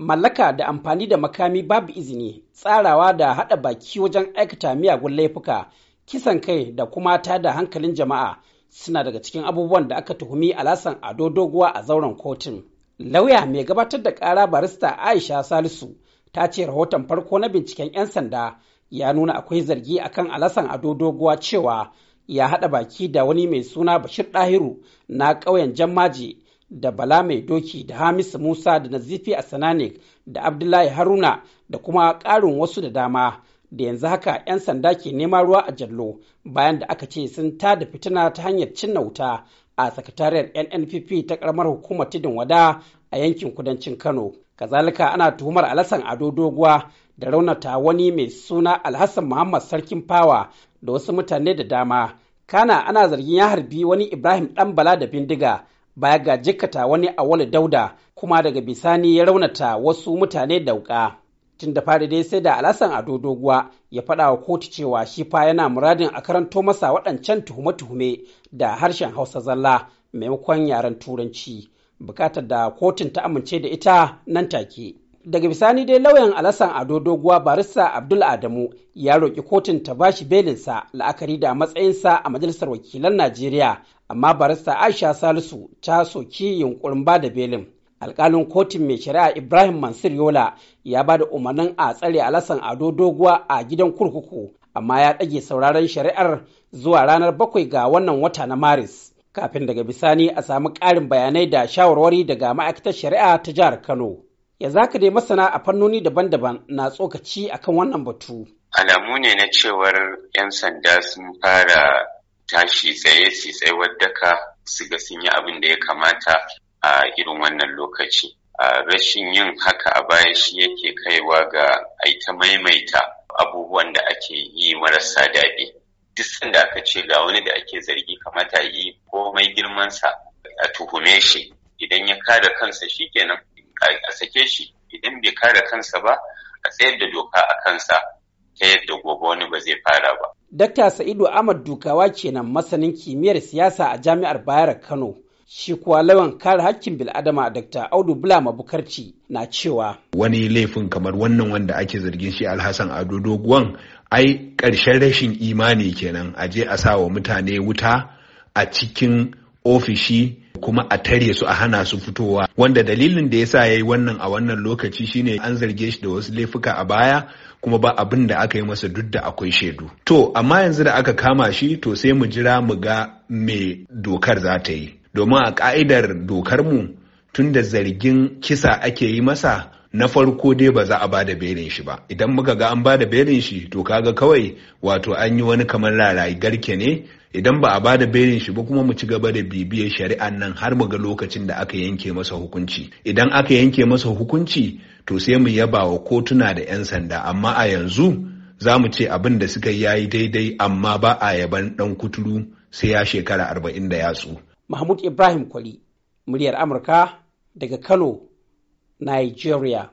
mallaka da amfani da makami babu izini tsarawa da haɗa baki wajen aikata miyagun laifuka kisan kai da kuma da hankalin jama'a suna daga cikin abubuwan da aka tuhumi alasan ado doguwa a zauren kotun lauya mai gabatar da ƙara barista aisha salisu ta ce rahoton farko na binciken 'yan sanda ya nuna akwai zargi akan alasan ado doguwa cewa ya haɗa baki da wani mai suna bashir ɗahiru na ƙauyen jammaji da Bala Mai Doki da Hamisu Musa da Nazifi a sananik da Abdullahi Haruna da kuma ƙarin wasu da dama da yanzu haka 'yan sanda ke nema ruwa a jallo bayan da aka ce sun ta da fitina ta hanyar cinna wuta a sakatariyar NNPP ta karamar hukumar Tudun Wada a yankin kudancin Kano. Kazalika ana tuhumar Alasan Ado Doguwa da raunata wani mai suna Alhassan Muhammad Sarkin Fawa da wasu mutane da dama. Kana ana zargin ya harbi wani Ibrahim Ɗanbala da bindiga baya ga jikata wani awali dauda kuma daga bisani ya raunata wasu mutane dauka tun da fari dai sai da alasan ado doguwa ya faɗa wa kotu cewa shi fa yana muradin a karanto masa waɗancan tuhume-tuhume da harshen hausa zalla maimakon yaren turanci bukatar da kotun ta amince da ita nan take daga bisani dai lauyan alasan ado doguwa barista abdul adamu ya roƙi kotun ta bashi belinsa la'akari da matsayinsa a majalisar wakilan najeriya amma barista aisha salisu ta soki yunkurin ba da belin alkalin kotun mai shari'a ibrahim mansur yola ya ba da umarnin a tsare alasan ado doguwa a gidan kurkuku amma ya ɗage sauraron shari'ar zuwa ranar bakwai ga wannan wata na maris kafin daga bisani a samu ƙarin bayanai da shawarwari daga ma'aikatar shari'a ta jihar kano ya zaka dai masana a fannoni daban-daban na tsokaci akan wannan batu alamu ne na cewar 'yan sanda sun fara tashi tsaye su tsaye daka su ga sun yi abin da ya kamata a irin wannan lokaci. Rashin yin haka a baya shi yake kaiwa ga aita maimaita abubuwan da ake yi marasa daɗi. Duk sanda aka ce ga wani da ake zargi kamata yi komai girmansa a tuhume shi idan ya kare kansa shi kenan a sake shi idan bai kare kansa ba a tsayar da doka a kansa ta yadda gobe wani ba zai fara ba. Dakta Sa'idu Ahmad Dukawa kenan masanin kimiyyar siyasa a Jami'ar Bayar Kano. Shi kuwa lawan kare hakkin bil'adama Dr. Audu Bulama Bukarci na cewa. Wani laifin kamar wannan wanda ake zargin shi Alhassan Ado Doguwan ai ƙarshen rashin imani kenan a je a sa wa mutane wuta a cikin ofishi kuma a tare su a hana su fitowa wanda dalilin da yasa yayi wannan a wannan lokaci shine an zarge shi da wasu laifuka a baya kuma ba abin da aka yi masa duk da akwai shaidu to amma yanzu da aka kama shi to sai mu jira mu ga me dokar za ta yi domin a ka'idar dokar mu tunda zargin kisa ake yi masa na farko dai ba za a bada belin shi ba idan muka ga an bada belin shi to kaga kawai wato an yi wani kamar rarayi garke ne idan ba a bada belin shi ba kuma mu ci gaba da bibiyar shari'an nan har mu ga lokacin da aka yanke masa hukunci idan aka yanke masa hukunci to sai mu yaba wa kotuna da 'yan sanda amma a yanzu za mu ce abin da suka yayi daidai amma ba a yaban dan kuturu sai ya shekara arba'in da yatsu. Mahmud Ibrahim Kwali, muryar Amurka daga Kano, Nigeria